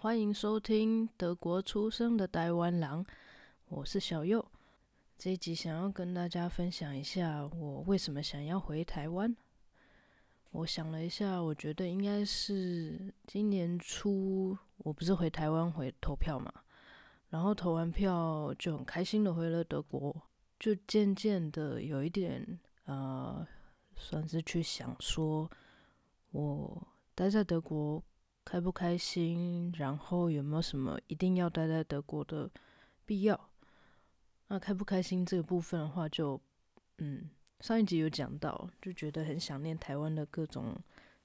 歡迎收聽《德國出生的台灣狼》，我是小右。這一集想要跟大家分享一下我為什麼想要回台灣。我想了一下，我覺得應該是今年初，我不是回台灣回投票嘛，然後投完票就很開心的回了德國，就漸漸的有一點呃，算是去想說，我待在德國。開不開心？然後有沒有什麼一定要待在德國的必要？那開不開心這個部分的話就，就嗯，上一集有講到，就覺得很想念台灣的各種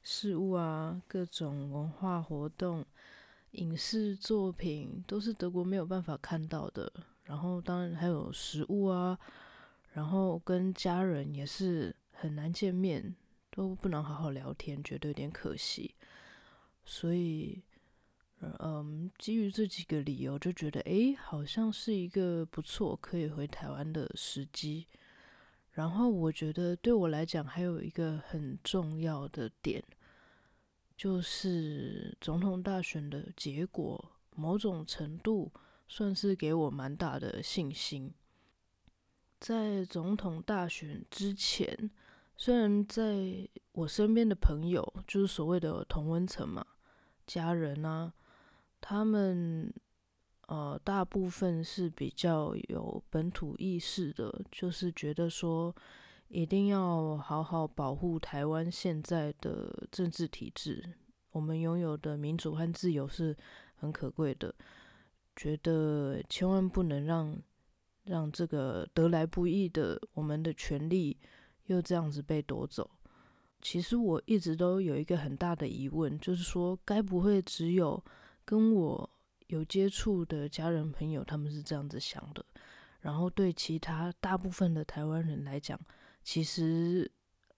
事物啊，各種文化活動、影視作品都是德國沒有辦法看到的。然後當然還有食物啊，然後跟家人也是很難見面，都不能好好聊天，覺得有點可惜。所以，嗯，基於這幾個理由，就覺得，哎，好像是一個不錯可以回台灣的時機。然後，我覺得對我來講還有一個很重要的點，就是總統大選的結果，某種程度算是給我蠻大的信心。在總統大選之前，雖然在我身邊的朋友，就是所謂的同溫層嘛。家人啊，他們呃大部分是比較有本土意識的，就是覺得說一定要好好保護台灣現在的政治體制，我們擁有的民主和自由是很可貴的，覺得千萬不能讓讓這個得來不易的我們的權利又這樣子被奪走。其實我一直都有一個很大的疑問，就是說，該不會只有跟我有接觸的家人朋友他們是這樣子想的，然後對其他大部分的台灣人來講，其實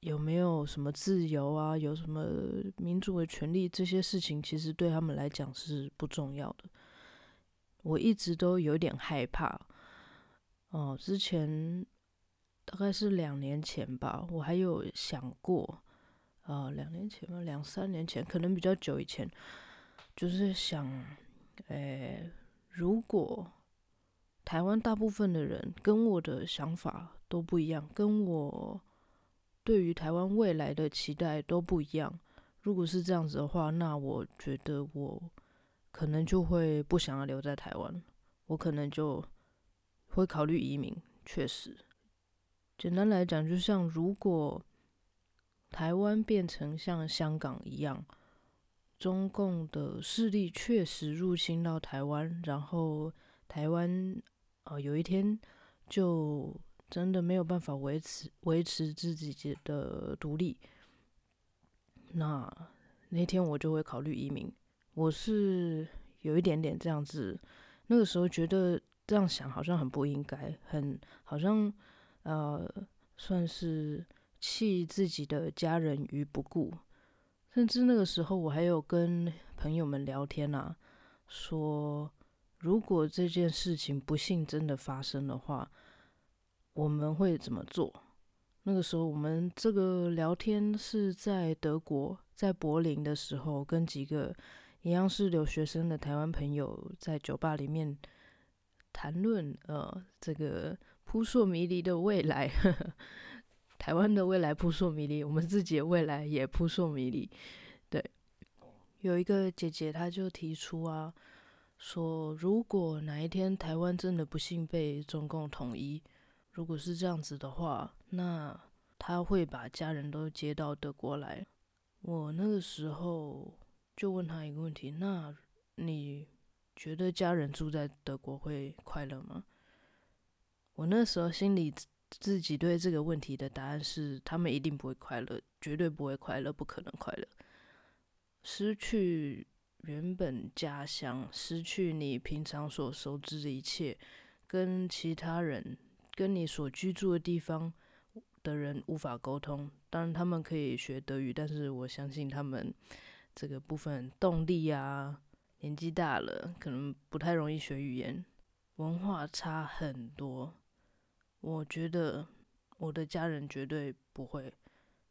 有沒有什麼自由啊，有什麼民主的權利，這些事情其實對他們來講是不重要的。我一直都有點害怕。哦，之前大概是兩年前吧，我還有想過。啊，兩年前吧，兩三年前，可能比較久以前，就是想，誒，如果台灣大部分的人跟我的想法都不一樣，跟我對於台灣未來的期待都不一樣，如果是這樣子的話，那我覺得我可能就會不想要留在台灣，我可能就會考慮移民。確實，簡單來講，就像如果。台灣變成像香港一樣，中共的勢力確實入侵到台灣，然後台灣啊，呃，有一天就真的沒有辦法維持維持自己的獨立。那那天我就會考慮移民，我是有一點點這樣子。那個時候覺得這樣想好像很不應該，很好像呃算是。棄自己的家人於不顧，甚至那個時候我還有跟朋友們聊天吶，啊，說如果這件事情不幸真的發生的話，我們會怎麼做？那個時候我們這個聊天是在德國，在柏林的時候，跟幾個一樣是留學生的台灣朋友在酒吧裡面談論呃，這個撲朔迷離的未來。呵呵台灣的未來撲朔迷離，我們自己的未來也撲朔迷離。對，有一個姐姐，她就提出啊，說如果哪一天台灣真的不幸被中共統一，如果是這樣子的話，那她會把家人都接到德國來。我那個時候就問她一個問題，那你覺得家人住在德國會快樂嗎？我那時候心裡自己對這個問題的答案是：他們一定不會快樂，絕對不會快樂，不可能快樂。失去原本家鄉，失去你平常所熟知的一切，跟其他人，跟你所居住的地方的人無法溝通。當然，他們可以學德語，但是我相信他們這個部分動力啊，年紀大了，可能不太容易學語言，文化差很多。我覺得我的家人絕對不會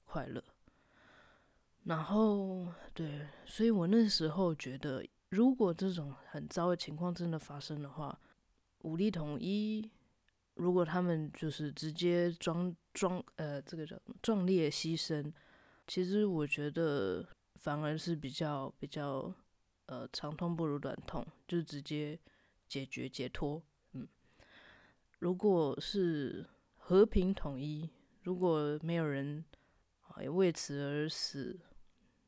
快樂。然後，對，所以我那時候覺得，如果這種很糟的情況真的發生的話，武力統一，如果他們就是直接壯壯呃，這個叫壯烈犧牲，其實我覺得反而是比較比較呃，長痛不如短痛，就直接解決解脫。如果是和平統一，如果沒有人也為此而死，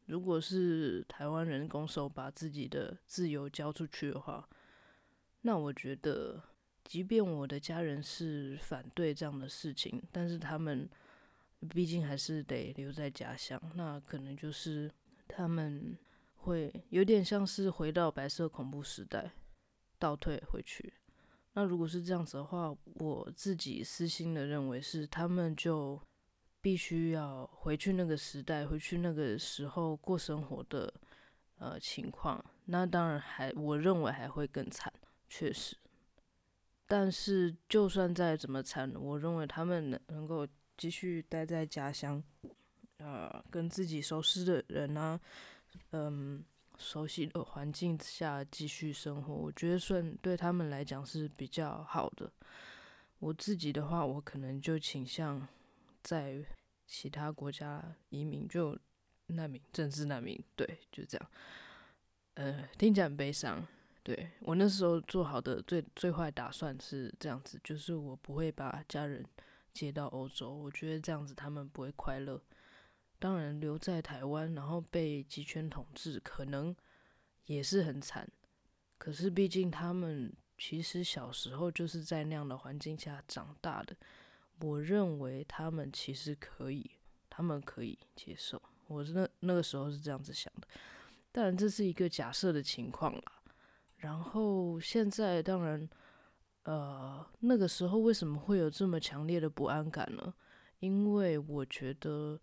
如果是台灣人拱手把自己的自由交出去的話，那我覺得，即便我的家人是反對這樣的事情，但是他們畢竟還是得留在家鄉。那可能就是他們會有點像是回到白色恐怖時代，倒退回去。那如果是這樣子的話，我自己私心的認為是他們就必須要回去那個時代，回去那個時候過生活的呃情況，那當然還我認為還會更慘，確實。但是就算再怎麼慘，我認為他們能能夠繼續待在家鄉，呃，跟自己熟悉的人呢、啊，嗯。熟悉的環境下繼續生活，我覺得算對他們來講是比較好的。我自己的話，我可能就傾向在其他國家移民，就難民、政治難民，對，就這樣。呃，聽起來很悲傷。對，我那時候做好的最最壞打算是這樣子，就是我不會把家人接到歐洲，我覺得這樣子他們不會快樂。當然留在台灣，然後被極權統治，可能也是很慘。可是畢竟他們其實小時候就是在那樣的環境下長大的，我認為他們其實可以，他們可以接受。我是那那個時候是這樣子想的，當然這是一個假設的情況啦。然後現在當然，呃，那個時候為什麼會有這麼強烈的不安感呢？因為我覺得。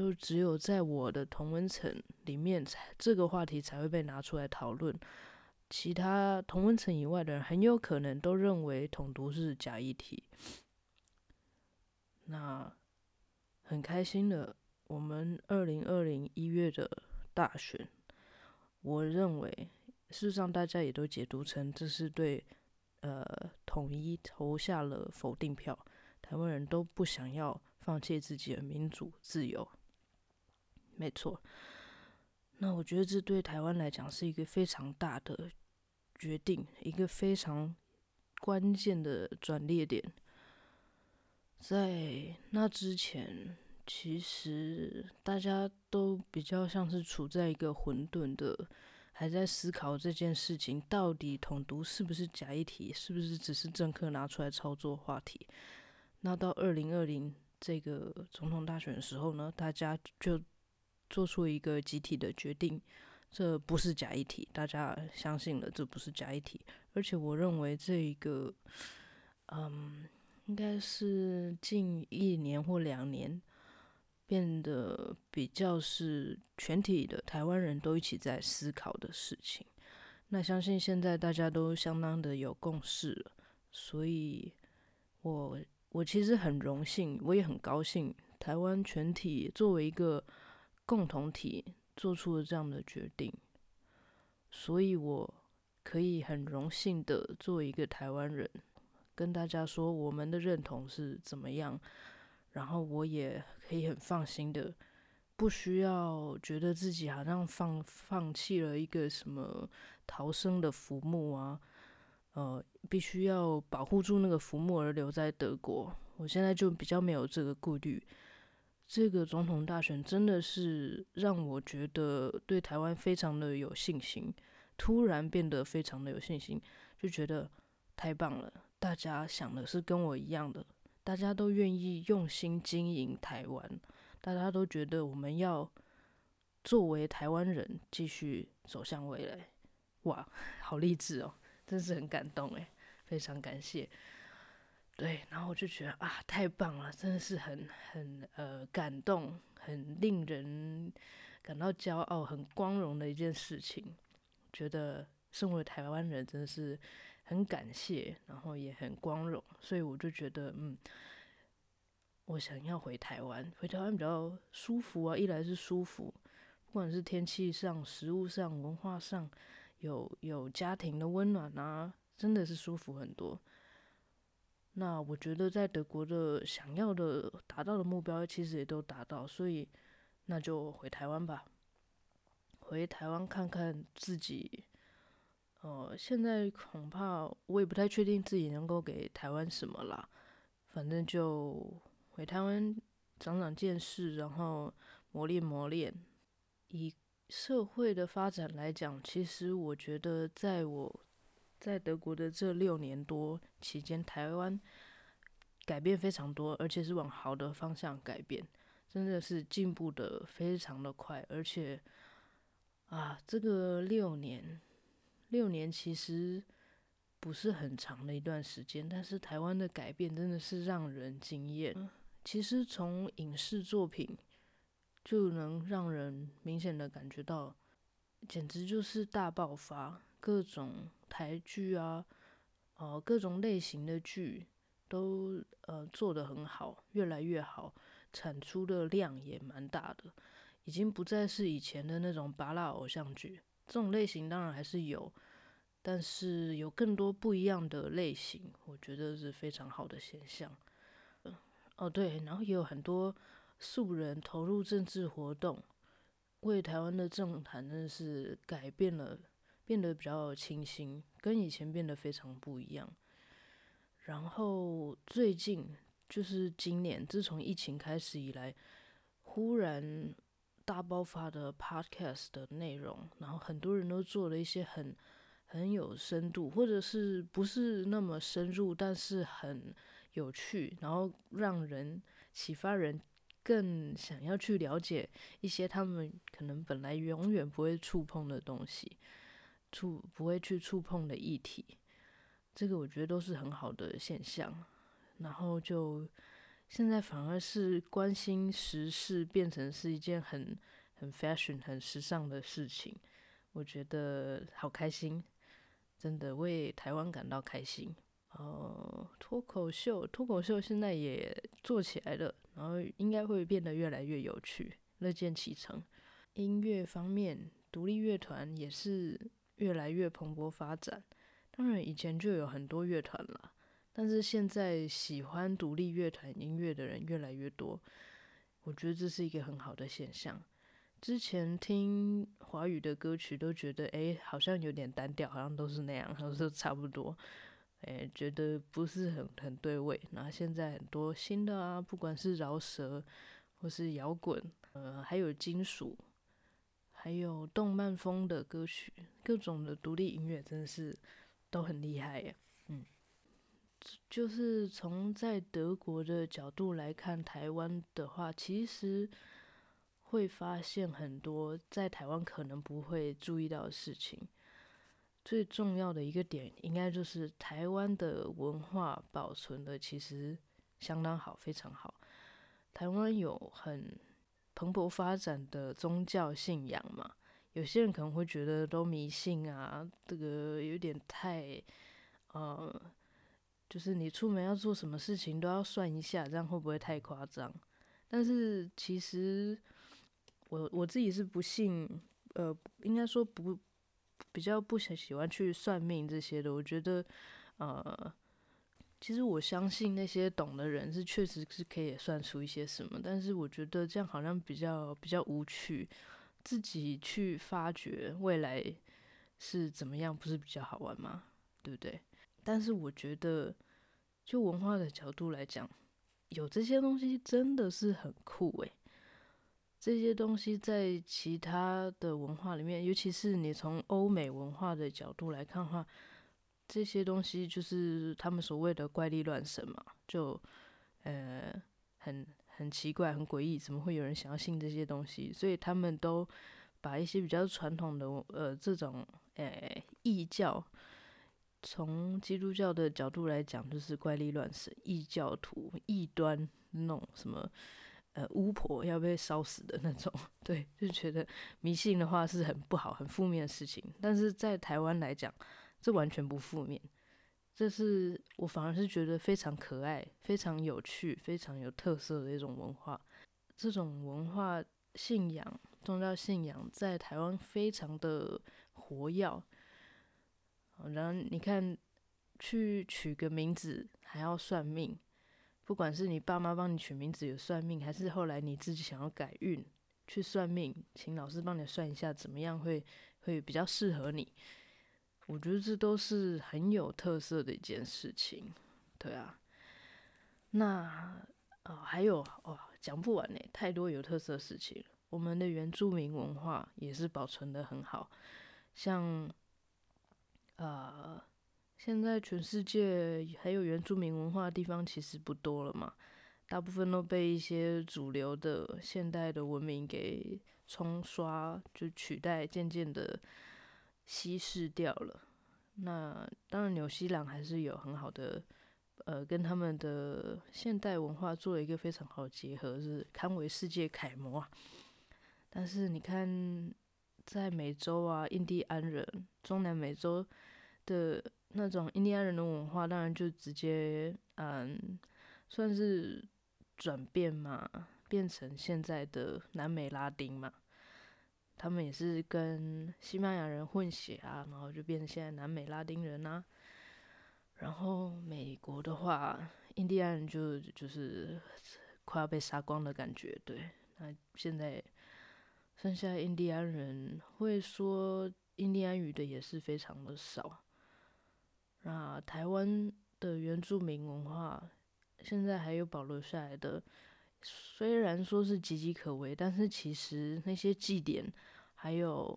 就只有在我的同溫層裡面才，這個話題才會被拿出來討論。其他同溫層以外的人，很有可能都認為統獨是假議題。那很開心的，我們二零二零年一月的大選，我認為，事實上大家也都解讀成這是對呃統一投下了否定票。台灣人都不想要放棄自己的民主自由。沒錯，那我覺得這對台灣來講是一個非常大的決定，一個非常關鍵的轉捩點。在那之前，其實大家都比較像是處在一個混沌的，還在思考這件事情，到底統獨是不是假議題，是不是只是政客拿出來操作話題。那到二零二零這個總統大選的時候呢，大家就做出一個集體的決定，這不是假議題，大家相信了，這不是假議題。而且我認為這一個，嗯，應該是近一年或兩年變得比較是全體的台灣人都一起在思考的事情。那相信現在大家都相當的有共識了，所以我，我我其實很榮幸，我也很高興，台灣全體作為一個共同體做出了這樣的決定，所以我可以很榮幸的作為一個台灣人跟大家說，我們的認同是怎麼樣，然後我也可以很放心的，不需要覺得自己好像放放棄了一個什麼逃生的浮木啊，呃，必須要保護住那個浮木而留在德國，我現在就比較沒有這個顧慮。這個總統大選真的是讓我覺得對台灣非常的有信心，突然變得非常的有信心，就覺得太棒了。大家想的是跟我一樣的，大家都願意用心經營台灣，大家都覺得我們要作為台灣人繼續走向未來。哇，好勵志哦，真是很感動哎，非常感謝。對，然後我就覺得啊，太棒了，真的是很很呃感動，很令人感到驕傲，很光榮的一件事情。覺得身為台灣人，真的是很感謝，然後也很光榮，所以我就覺得嗯，我想要回台灣，回台灣比較舒服啊。一來是舒服，不管是天氣上、食物上、文化上，有有家庭的溫暖啊，真的是舒服很多。那我覺得在德國的想要的達到的目標其實也都達到，所以那就回台灣吧，回台灣看看自己。呃，現在恐怕我也不太確定自己能夠給台灣什麼啦，反正就回台灣長長見識，然後磨練磨練。以社會的發展來講，其實我覺得在我。在德國的這六年多期間，台灣改變非常多，而且是往好的方向改變，真的是進步的非常的快，而且啊，這個六年六年其實不是很長的一段時間，但是台灣的改變真的是讓人驚艷。嗯，其實從影視作品就能讓人明顯的感覺到，簡直就是大爆發。各種台劇啊，哦、呃，各種類型的劇都呃做得很好，越來越好，產出的量也蠻大的，已經不再是以前的那種芭樂偶像劇，這種類型當然還是有，但是有更多不一樣的類型，我覺得是非常好的現象。呃、哦，對，然後也有很多素人投入政治活動，為台灣的政壇真是改變了。變得比較清新，跟以前變得非常不一樣。然後最近就是今年，自從疫情開始以來，忽然大爆發的 Podcast 的內容，然後很多人都做了一些很很有深度，或者是不是那麼深入，但是很有趣，然後讓人啟發人更想要去了解一些他們可能本來永遠不會觸碰的東西。觸不會去觸碰的議題，這個我覺得都是很好的現象。然後就現在反而是關心時事變成是一件很很 fashion 很時尚的事情，我覺得好開心，真的為台灣感到開心。然後，哦，脫口秀脫口秀現在也做起來了，然後應該會變得越來越有趣，樂見其成。音樂方面，獨立樂團也是。越來越蓬勃發展，當然以前就有很多樂團了，但是現在喜歡獨立樂團音樂的人越來越多，我覺得這是一個很好的現象。之前聽華語的歌曲都覺得，哎、欸，好像有點單調，好像都是那樣，好像都差不多，哎、欸，覺得不是很很對味。然後現在很多新的啊，不管是饒舌或是搖滾，呃，還有金屬。還有動漫風的歌曲，各種的獨立音樂真的是都很厲害耶。嗯，就是從在德國的角度來看台灣的話，其實會發現很多在台灣可能不會注意到的事情。最重要的一個點應該就是台灣的文化保存的其實相當好，非常好。台灣有很。蓬勃發展的宗教信仰嘛，有些人可能會覺得都迷信啊，這個有點太，呃，就是你出門要做什麼事情都要算一下，這樣會不會太誇張？但是其實我我自己是不信，呃，應該說不，比較不想喜歡去算命這些的，我覺得，呃。其實我相信那些懂的人是確實是可以也算出一些什麼，但是我覺得這樣好像比較比較無趣，自己去發掘未來是怎麼樣，不是比較好玩嗎？對不對？但是我覺得，就文化的角度來講，有這些東西真的是很酷誒、欸。這些東西在其他的文化裡面，尤其是你從歐美文化的角度來看的話。這些東西就是他們所謂的怪力亂神嘛，就呃很很奇怪、很詭異，怎麼會有人想要信這些東西？所以他們都把一些比較傳統的呃這種誒異教，從基督教的角度來講，就是怪力亂神、異教徒、異端，弄什麼呃巫婆要被燒死的那種，對，就覺得迷信的話是很不好、很負面的事情。但是在台灣來講，這完全不負面，這是我反而是覺得非常可愛、非常有趣、非常有特色的一種文化。這種文化信仰、宗教信仰在台灣非常的活躍。然後你看，去取個名字還要算命，不管是你爸媽幫你取名字有算命，還是後來你自己想要改運去算命，請老師幫你算一下怎麼樣會會比較適合你。我覺得這都是很有特色的一件事情，對啊，那呃還有哦講不完呢。太多有特色事情了。我們的原住民文化也是保存得很好，像呃現在全世界還有原住民文化的地方其實不多了嘛，大部分都被一些主流的現代的文明給沖刷，就取代，漸漸的。稀釋掉了。那當然，紐西蘭還是有很好的，呃，跟他們的現代文化做了一個非常好的結合，是堪為世界楷模啊。但是你看，在美洲啊，印第安人、中南美洲的那種印第安人的文化，當然就直接嗯，算是轉變嘛，變成現在的南美拉丁嘛。他們也是跟西班牙人混血啊，然後就變成現在南美拉丁人啊。然後美國的話，印第安人就就是快要被殺光的感覺。對，那現在剩下印第安人會說印第安語的也是非常的少。那台灣的原住民文化現在還有保留下來的。雖然說是岌岌可危，但是其實那些祭典，還有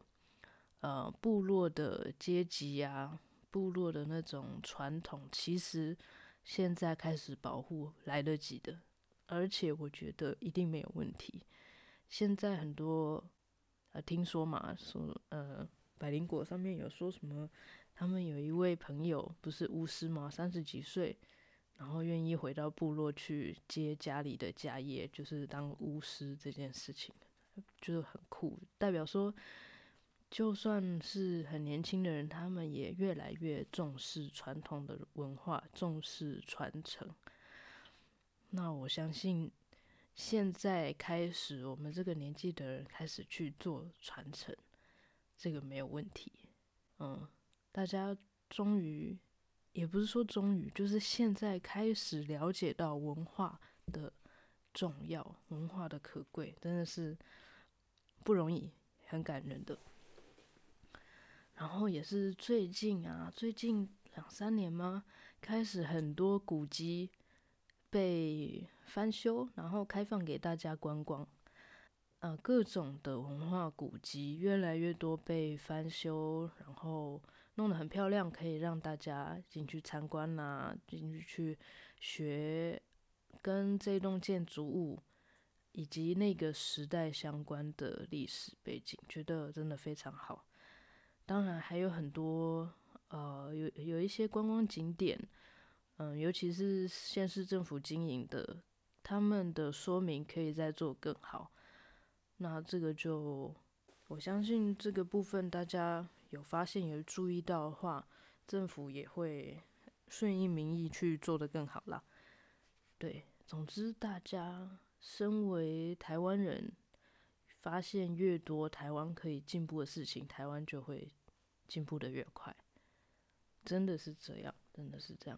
呃部落的階級呀、啊，部落的那種傳統，其實現在開始保護來得及的，而且我覺得一定沒有問題。現在很多啊、呃，聽說嘛，說呃百靈果上面有說什麼，他們有一位朋友不是巫師嗎？三十幾歲。然後願意回到部落去接家裡的家業，就是當巫師這件事情，就是很酷。代表說，就算是很年輕的人，他們也越來越重視傳統的文化，重視傳承。那我相信，現在開始，我們這個年紀的人開始去做傳承，這個沒有問題。嗯，大家終於。也不是說終於，就是現在開始了解到文化的重要，文化的可貴，真的是不容易，很感人的。然後也是最近啊，最近兩三年嗎，開始很多古蹟被翻修，然後開放給大家觀光。呃，各種的文化古蹟越來越多被翻修，然後。弄得很漂亮，可以讓大家進去參觀啊進去去學跟這棟建築物以及那個時代相關的歷史背景，覺得真的非常好。當然還有很多呃有有一些觀光景點，嗯、呃，尤其是縣市政府經營的，他們的說明可以再做更好。那這個就我相信這個部分大家。有發現有注意到的話，政府也會順應民意去做得更好啦。對，總之大家身為台灣人，發現越多台灣可以進步的事情，台灣就會進步得越快。真的是這樣，真的是這樣。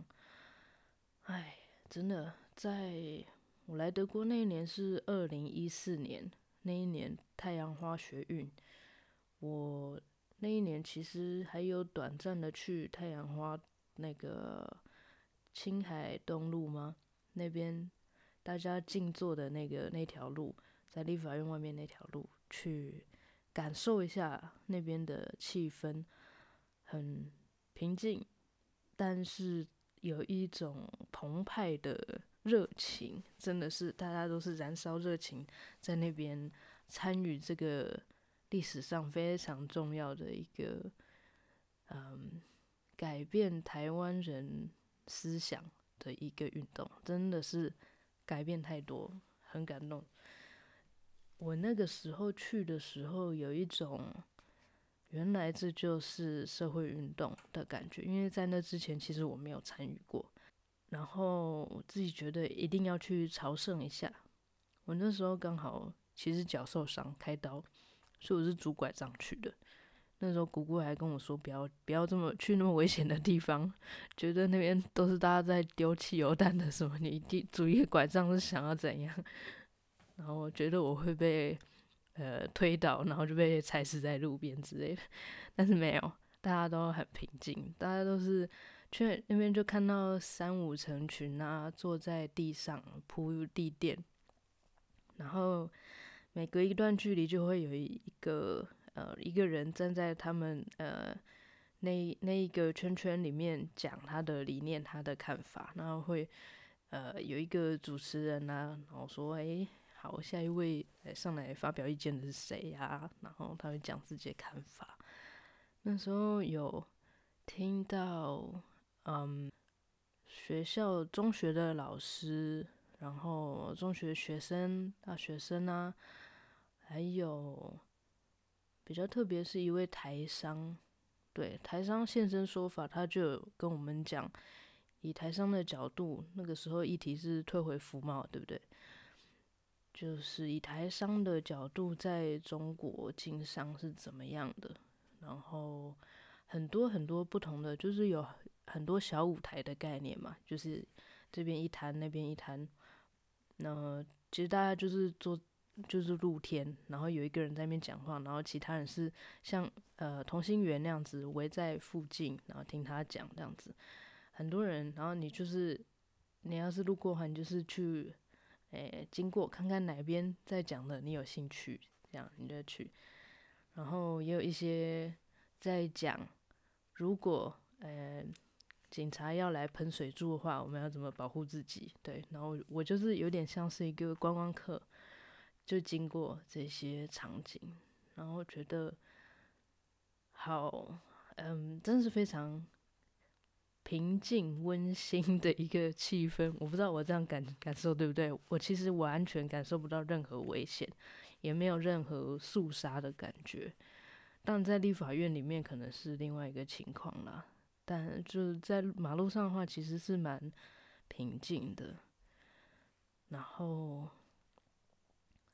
哎，真的，在我來德國那一年是二零一四年，那一年太陽花學運，我。那一年其實還有短暫的去太陽花那個青島東路嗎？那邊大家靜坐的那個那條路，在立法院外面那條路，去感受一下那邊的氣氛，很平靜，但是有一種澎湃的熱情，真的是大家都是燃燒熱情，在那邊參與這個。歷史上非常重要的一個，嗯，改變台灣人思想的一個運動，真的是改變太多，很感動。我那個時候去的時候，有一種原來這就是社會運動的感覺，因為在那之前其實我沒有參與過。然後我自己覺得一定要去朝聖一下。我那時候剛好，其實腳受傷，開刀。所以我是拄拐杖去的。那時候姑姑還跟我說：“不要，不要這麼去那麼危險的地方，覺得那邊都是大家在丟汽油彈的時候，你拄一拐杖是想要怎樣？”然後我覺得我會被呃推倒，然後就被踩死在路邊之類的。但是沒有，大家都很平靜，大家都是去那邊就看到三五成群啊，坐在地上鋪地墊，然後。每隔一段距離就會有一個呃一個人站在他們呃那那一個圈圈裡面講他的理念、他的看法，然後會呃有一個主持人呢、啊，然後說哎、欸、好，下一位來上來發表意見的是誰呀、啊？然後他會講自己的看法。那時候有聽到嗯學校中學的老師。然後中學學生、大學生啊，還有比較特別是一位台商，對，台商現身說法，他就跟我們講，以台商的角度，那個時候議題是退回服貿，對不對？就是以台商的角度在中國經商是怎麼樣的？然後很多很多不同的，就是有很多小舞台的概念嘛，就是這邊一談，那邊一談。那、呃、其實大家就是坐，就是露天，然後有一個人在那邊講話，然後其他人是像呃同心圓那樣子圍在附近，然後聽他講這樣子。很多人，然後你就是你要是路過的話，你就是去誒、欸、經過看看哪邊在講的，你有興趣這樣你就去。然後也有一些在講，如果誒。欸警察要來噴水柱的話，我們要怎麼保護自己？對，然後我，我就是有點像是一個觀光客，就經過這些場景，然後覺得好，嗯，真是非常平靜溫馨的一個氣氛。我不知道我這樣感感受對不對，我其實完全感受不到任何危險，也沒有任何肅殺的感覺。但在立法院裡面，可能是另外一個情況啦。但就是在馬路上的話，其實是蠻平靜的。然後，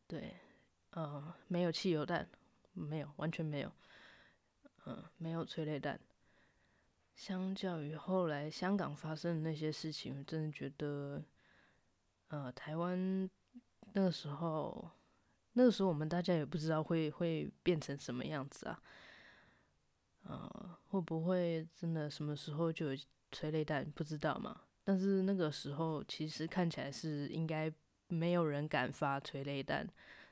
對，呃，沒有汽油彈，沒有，完全沒有，嗯、呃，沒有催淚彈。相較於後來香港發生的那些事情，真的覺得，呃，台灣那個時候，那個時候我們大家也不知道會會變成什麼樣子啊，呃。會不會真的什麼時候就催淚彈不知道嘛？但是那個時候其實看起來是應該沒有人敢發催淚彈，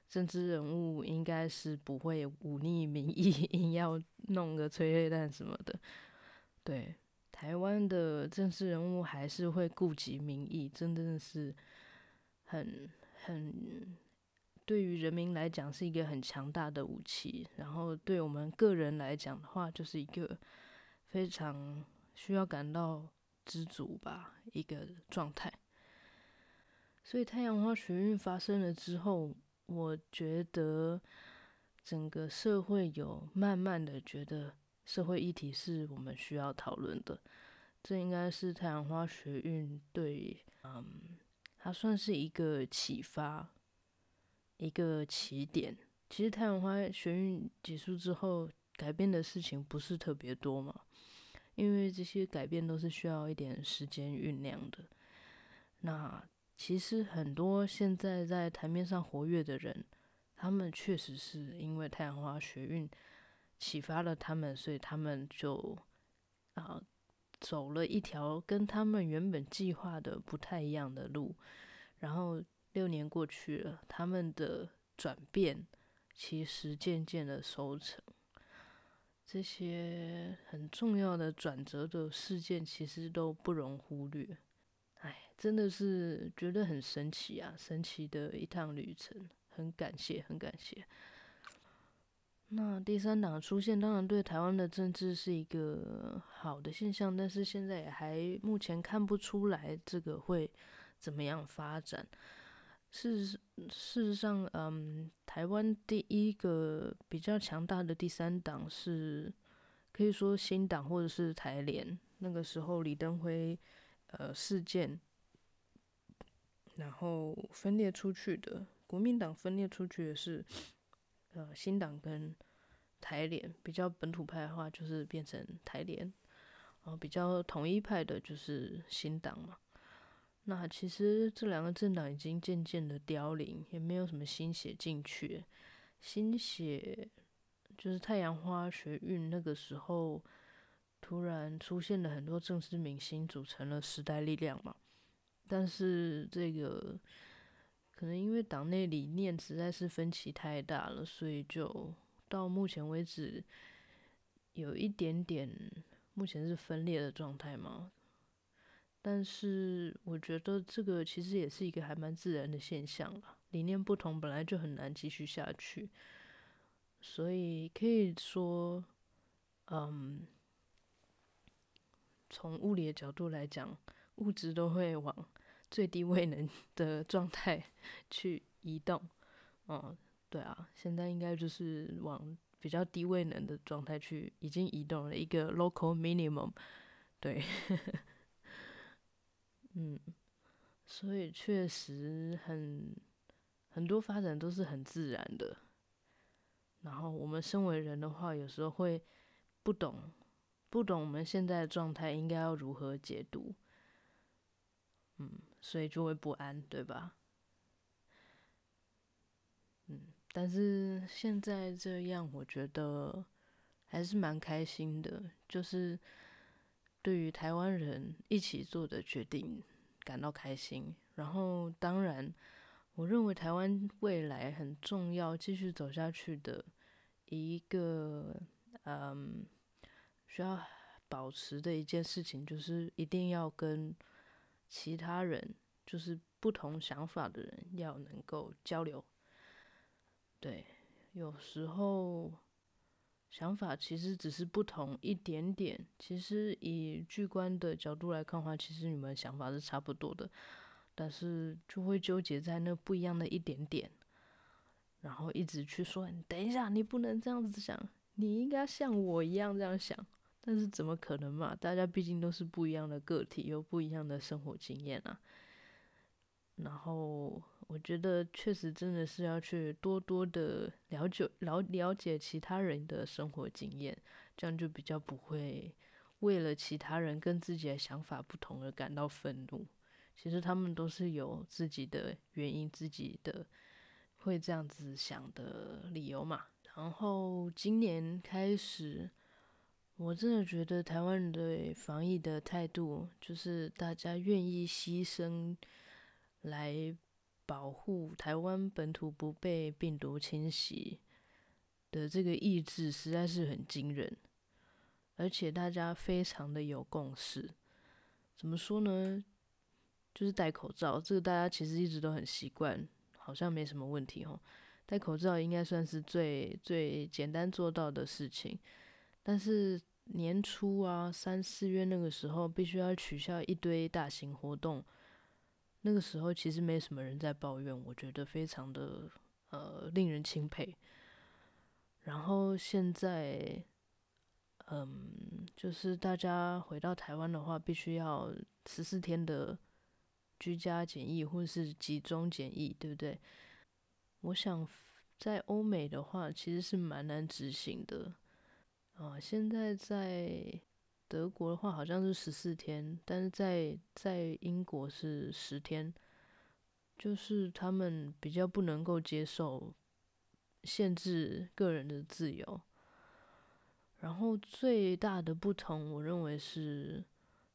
政治人物應該是不會忤逆民意，硬要弄個催淚彈什麼的。對，台灣的政治人物還是會顧及民意，真的是很很。對於人民來講是一個很強大的武器，然後對我們個人來講的話，就是一個非常需要感到知足吧，一個狀態。所以太陽花學運發生了之後，我覺得整個社會有慢慢的覺得社會議題是我們需要討論的，這應該是太陽花學運對，嗯，它算是一個啟發。一個起點，其實太陽花學運結束之後，改變的事情不是特別多嘛，因為這些改變都是需要一點時間醞釀的。那其實很多現在在台面上活躍的人，他們確實是因為太陽花學運啟發了他們，所以他們就啊、呃、走了一條跟他們原本計劃的不太一樣的路，然後。六年過去了，他們的轉變其實漸漸的收成，這些很重要的轉折的事件其實都不容忽略。哎，真的是覺得很神奇啊！神奇的一趟旅程，很感謝，很感謝。那第三黨出現，當然對台灣的政治是一個好的現象，但是現在也還目前看不出來這個會怎麼樣發展。事實事實上，嗯，台灣第一個比較強大的第三黨是，可以說新黨或者是台聯。那個時候李登輝，呃，事件，然後分裂出去的，國民黨分裂出去的是，呃，新黨跟台聯。比較本土派的話，就是變成台聯，哦，比較統一派的就是新黨嘛。那其實這兩個政黨已經漸漸的凋零，也沒有什麼新血進去。新血就是太陽花學運那個時候，突然出現了很多政治明星，組成了時代力量嘛。但是這個可能因為黨內理念實在是分歧太大了，所以就到目前為止有一點點目前是分裂的狀態嘛。但是我覺得這個其實也是一個還蠻自然的現象了。理念不同本來就很難繼續下去，所以可以說，嗯，從物理的角度來講，物質都會往最低位能的狀態去移動。嗯，對啊，現在應該就是往比較低位能的狀態去，已經移動了一個 local minimum。對。嗯，所以確實很很多發展都是很自然的。然後我們身為人的話，有時候會不懂，不懂我們現在的狀態應該要如何解讀。嗯，所以就會不安，對吧？嗯，但是現在這樣，我覺得還是蠻開心的，就是。對於台灣人一起做的決定感到開心，然後當然，我認為台灣未來很重要，繼續走下去的一個，嗯，需要保持的一件事情，就是一定要跟其他人，就是不同想法的人要能夠交流。對，有時候。想法其實只是不同一點點。其實以巨觀的角度來看的話，其實你們想法是差不多的，但是就會糾結在那不一樣的一點點，然後一直去說：“等一下，你不能這樣子想，你應該像我一樣這樣想。”但是怎麼可能嘛？大家畢竟都是不一樣的個體，有不一樣的生活經驗啊。然後我覺得，確實真的是要去多多的了解、了了解其他人的生活經驗，這樣就比較不會為了其他人跟自己的想法不同而感到憤怒。其實他們都是有自己的原因、自己的會這樣子想的理由嘛。然後今年開始，我真的覺得台灣人對防疫的態度，就是大家願意犧牲。來保護台灣本土不被病毒侵襲的這個意志實在是很驚人，而且大家非常的有共識。怎麼說呢？就是戴口罩，這個大家其實一直都很習慣，好像沒什麼問題哦。戴口罩應該算是最最簡單做到的事情，但是年初啊，三四月那個時候，必須要取消一堆大型活動。那個時候其實沒什麼人在抱怨，我覺得非常的，呃，令人欽佩。然後現在，嗯，就是大家回到台灣的話，必須要十四天的居家檢疫或者是集中檢疫，對不對？我想在歐美的話，其實是蠻難執行的。啊，現在在。德國的話好像是十四天，但是在在英國是十天，就是他們比較不能夠接受限制個人的自由。然後最大的不同，我認為是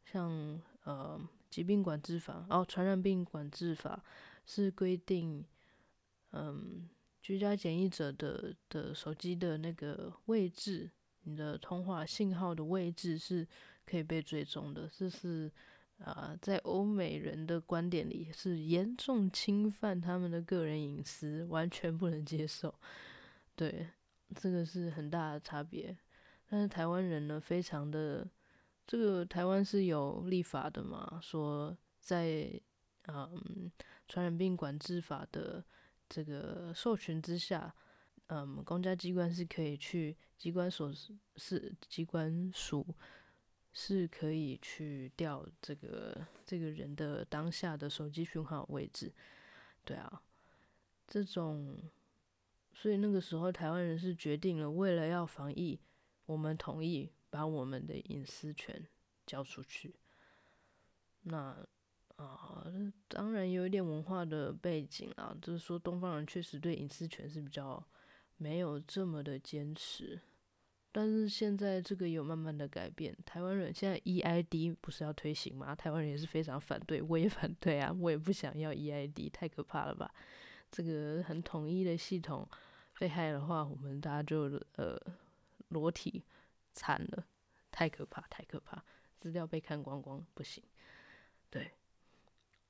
像呃疾病管制法哦，傳染病管制法是規定，嗯、呃，居家檢疫者的的手機的那個位置，你的通話信號的位置是可以被追蹤的，這是啊、呃，在歐美人的觀點裡是嚴重侵犯他們的個人隱私，完全不能接受。對，這個是很大的差別。但是台灣人呢，非常的，這個台灣是有立法的嘛，說在嗯傳染病管制法的這個授權之下。嗯，公家機關是可以去機關所是機關署，是可以去調這個這個人的當下的手機訊號位置。對啊，這種，所以那個時候台灣人是決定了，為了要防疫，我們同意把我們的隱私權交出去。那啊、呃，當然有一點文化的背景啊，就是說東方人確實對隱私權是比較。沒有這麼的堅持，但是現在這個有慢慢的改變。台灣人現在 EID 不是要推行嗎？台灣人也是非常反對，我也反對啊，我也不想要 EID，太可怕了吧？這個很統一的系統，被害的話，我們大家就呃裸體慘了，太可怕，太可怕，資料被看光光，不行。對，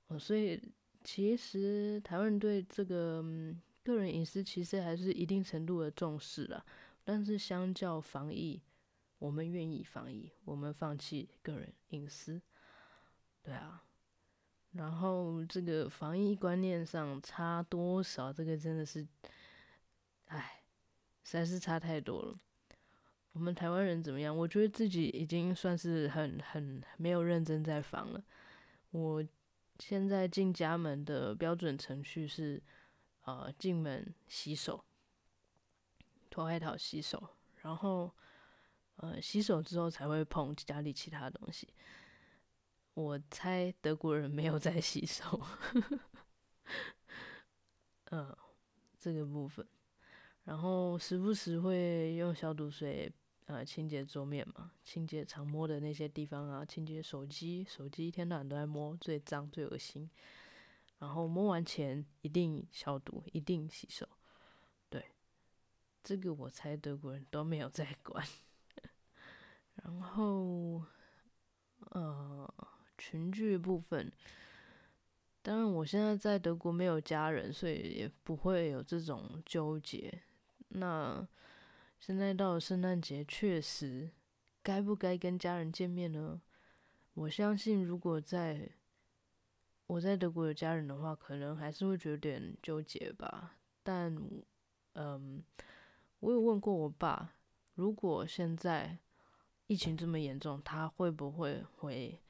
哦，所以其實台灣人對這個。嗯個人隱私其實還是一定程度的重視了，但是相較防疫，我們願意防疫，我們放棄個人隱私。對啊，然後這個防疫觀念上差多少，這個真的是，哎，實在是差太多了。我們台灣人怎麼樣？我覺得自己已經算是很很沒有認真在防了。我現在進家門的標準程序是。呃，進門洗手，脫外套洗手，然後呃洗手之後才會碰家裡其他的東西。我猜德國人沒有在洗手，嗯、 呃，這個部分。然後時不時會用消毒水呃清潔桌面嘛，清潔常摸的那些地方啊，清潔手機，手機一天到晚都在摸，最髒最噁心。然後摸完錢一定消毒，一定洗手。對，這個我猜德國人都沒有在管。 然後，呃，群聚部分，當然我現在在德國沒有家人，所以也不會有這種糾結。那現在到了聖誕節，確實該不該跟家人見面呢？我相信如果在。我在德國有家人的話，可能還是會覺得有點糾結吧。但，嗯，我有問過我爸，如果現在疫情這麼嚴重，他會不會回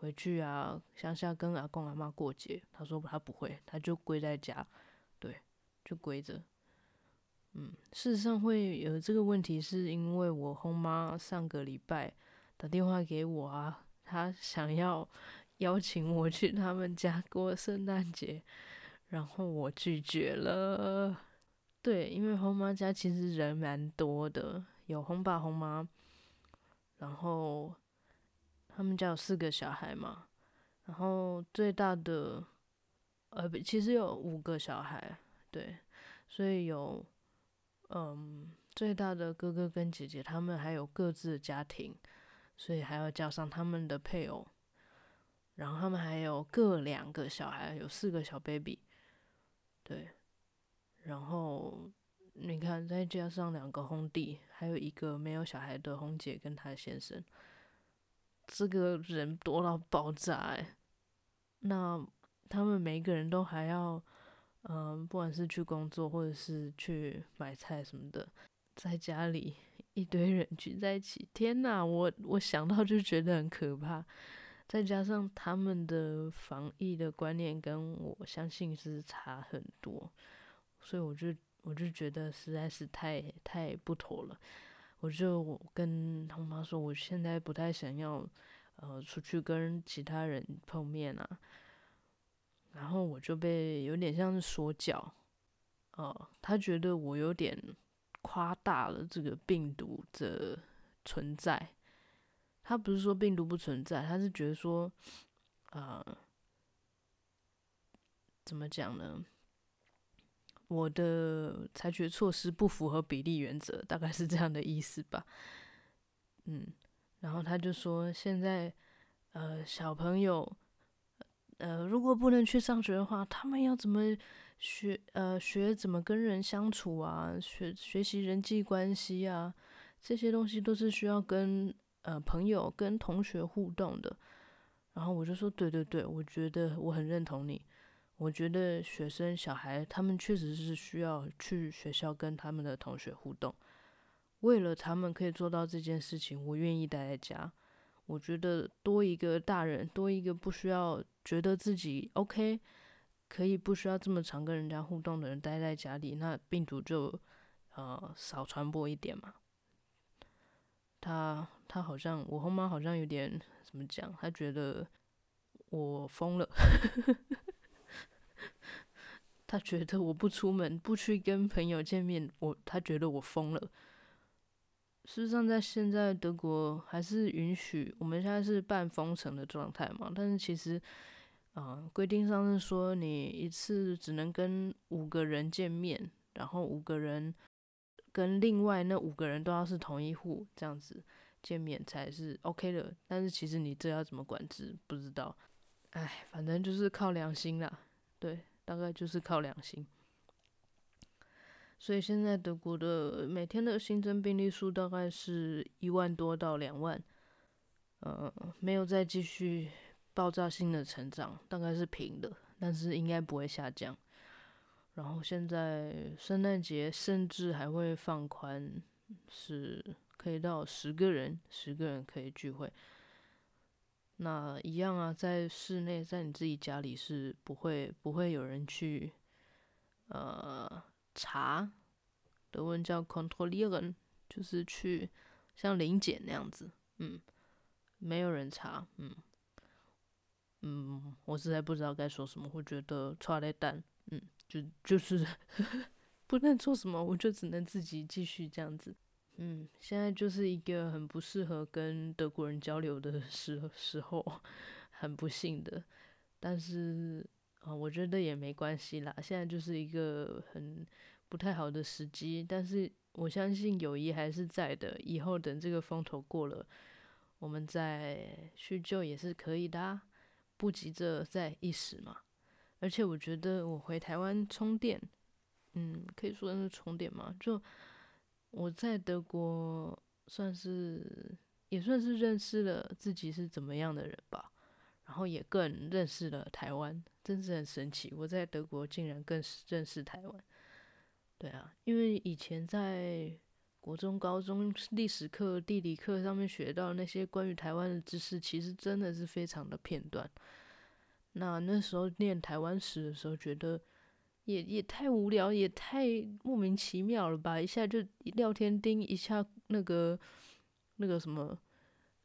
回去啊鄉下跟阿公阿嬤過節？他說他不會，他就歸在家，對，就歸着。嗯，事實上會有這個問題，是因為我後媽上個禮拜打電話給我啊，她想要。邀請我去他們家過聖誕節，然後我拒絕了。對，因為紅媽家其實人蠻多的，有紅爸、紅媽，然後他們家有四個小孩嘛，然後最大的，呃，不，其實有五個小孩，對，所以有，嗯，最大的哥哥跟姐姐，他們還有各自的家庭，所以還要叫上他們的配偶。然後他們還有各兩個小孩，有四個小 baby，對。然後你看，再加上兩個轟弟，還有一個沒有小孩的轟姐跟她先生，這個人多到爆炸，欸。那他們每一個人都還要，嗯、呃，不管是去工作或者是去買菜什麼的，在家裡一堆人聚在一起，天哪，我我想到就覺得很可怕。再加上他們的防疫的觀念跟我相信是差很多，所以我就我就覺得實在是太太不妥了。我就跟他媽說，我現在不太想要呃出去跟其他人碰面啊。然後我就被有點像是說教，呃，他覺得我有點誇大了這個病毒的存在。他不是說病毒不存在，他是覺得說，啊、呃，怎麼講呢？我的裁決措施不符合比例原則大概是這樣的意思吧。嗯，然後他就說，現在呃，小朋友呃，如果不能去上學的話，他們要怎麼學？呃，學怎麼跟人相處啊？學學習人際關係啊？這些東西都是需要跟。呃，朋友跟同學互動的，然後我就說，對對對，我覺得我很認同你。我覺得學生小孩他們確實是需要去學校跟他們的同學互動。為了他們可以做到這件事情，我願意待在家。我覺得多一個大人，多一個不需要覺得自己 OK，可以不需要這麼常跟人家互動的人待在家裡，那病毒就呃少傳播一點嘛。他他好像我後媽好像有點怎麼講？他覺得我瘋了，他 覺得我不出門，不去跟朋友見面，我他覺得我瘋了。事實上，在現在德國還是允許，我們現在是半封城的狀態嘛。但是其實嗯，呃、規定上是說你一次只能跟五個人見面，然後五個人。跟另外那五個人都要是同一戶這樣子見面才是 OK 的，但是其實你這要怎麼管制不知道，哎，反正就是靠良心啦，對，大概就是靠良心。所以現在德國的每天的新增病例數大概是一萬多到兩萬，呃，沒有再繼續爆炸性的成長，大概是平的，但是應該不會下降。然後現在聖誕節甚至還會放寬，是可以到十個人，十個人可以聚會。那一樣啊，在室內，在你自己家裡是不會不會有人去呃查，德文叫 kontrollieren 就是去像臨檢那樣子，嗯，沒有人查，嗯嗯，我實在不知道該說什麼，我覺得超累蛋，嗯。就就是 不能做什麼，我就只能自己繼續這樣子。嗯，現在就是一個很不適合跟德國人交流的時時候，很不幸的。但是啊、哦，我覺得也沒關係啦。現在就是一個很不太好的時機，但是我相信友誼還是在的。以後等這個風頭過了，我們再敘舊也是可以的、啊，不急着在一時嘛。而且我覺得我回台灣充電，嗯，可以說那是充電嗎？就我在德國算是也算是認識了自己是怎麼樣的人吧，然後也更認識了台灣，真是很神奇。我在德國竟然更認識台灣，對啊，因為以前在國中、高中歷史課、地理課上面學到那些關於台灣的知識，其實真的是非常的片段。那那時候念台灣史的時候，覺得也也太無聊，也太莫名其妙了吧？一下就廖添丁，一下那個那個什麼，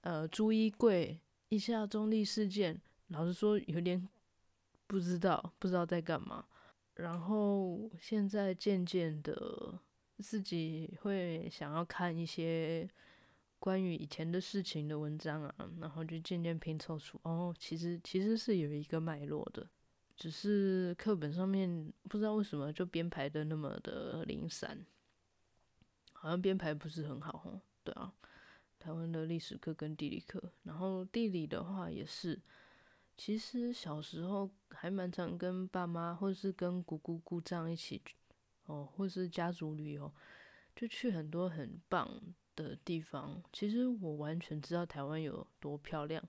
呃朱一貴，一下中壢事件，老實說有點不知道，不知道在幹嘛。然後現在漸漸的，自己會想要看一些。關於以前的事情的文章啊，然後就漸漸拼湊出哦，其實其實是有一個脈絡的，只是課本上面不知道為什麼就編排得那麼的零散，好像編排不是很好哦。對啊，台灣的歷史課跟地理課，然後地理的話也是，其實小時候還蠻常跟爸媽或是跟姑姑姑丈一起哦，或是家族旅遊，就去很多很棒的地方，其實我完全知道台灣有多漂亮。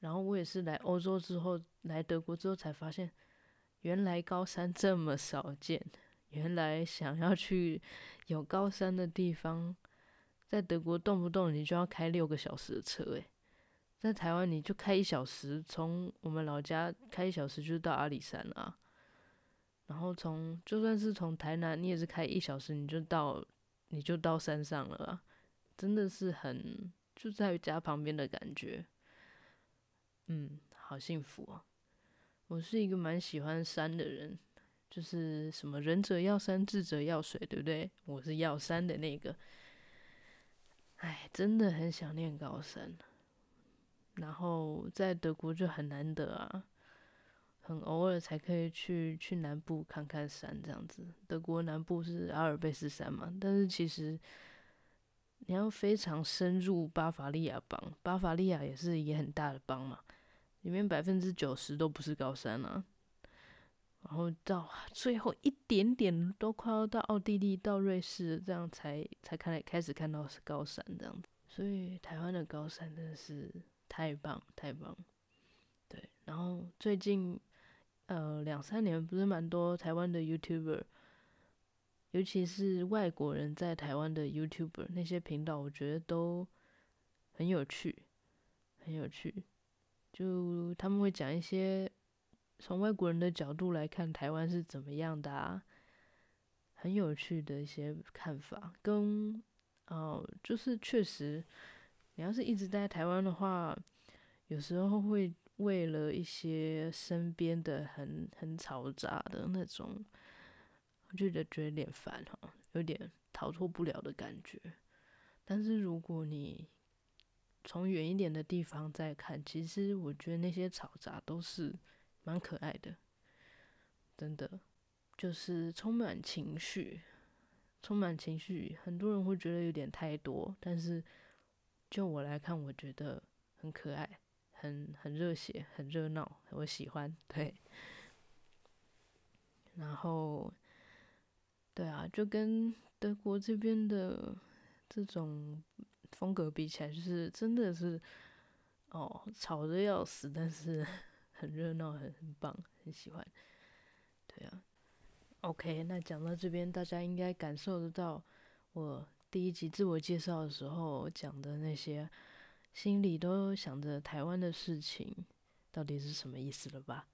然後我也是來歐洲之後，來德國之後才發現，原來高山這麼少見。原來想要去有高山的地方，在德國動不動你就要開六個小時的車，誒，在台灣你就開一小時，從我們老家開一小時就到阿里山了啊。然後從，就算是從台南，你也是開一小時，你就到你就到山上了啊。真的是很住在家旁邊的感覺，嗯，好幸福啊！我是一個蠻喜歡山的人，就是什麼仁者要山，智者要水，對不對？我是要山的那個。哎，真的很想念高山，然後在德國就很難得啊，很偶爾才可以去去南部看看山這樣子。德國南部是阿爾卑斯山嘛，但是其實。你要非常深入巴伐利亞邦，巴伐利亞也是一個很大的邦嘛，裡面百分之九十都不是高山啦、啊。然後到最後一點點都快要到奧地利、到瑞士，這樣才才看開始看到是高山這樣子。所以台灣的高山真的是太棒太棒，對。然後最近呃兩三年不是蠻多台灣的 YouTuber。尤其是外國人在台灣的 YouTuber 那些頻道，我覺得都很有趣，很有趣。就他們會講一些從外國人的角度來看台灣是怎麼樣的啊，很有趣的一些看法。跟呃、哦，就是確實，你要是一直待在台灣的話，有時候會為了一些身邊的很很嘈雜的那種。就覺得覺得有點煩哈、啊，有點逃脫不了的感覺。但是如果你從遠一點的地方再看，其實我覺得那些嘈雜都是蠻可愛的，真的，就是充滿情緒，充滿情緒。很多人會覺得有點太多，但是就我來看，我覺得很可愛，很很熱血，很熱鬧，我喜歡。對，然後。對啊，就跟德國這邊的這種風格比起來，就是真的是，哦，吵得要死，但是很熱鬧，很很棒，很喜歡。對啊，OK，那講到這邊，大家應該感受得到我第一集自我介紹的時候講的那些，心裡都想着台灣的事情到底是什麼意思了吧？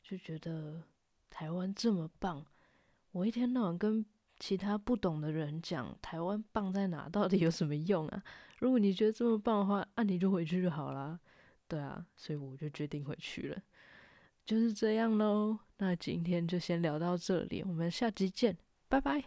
就覺得台灣這麼棒。我一天到晚跟其他不懂的人講台灣棒在哪，到底有什麼用啊？如果你覺得這麼棒的話，那、啊、你就回去就好啦。對啊，所以我就決定回去了。就是這樣嘍，那今天就先聊到這裡，我們下期見，拜拜。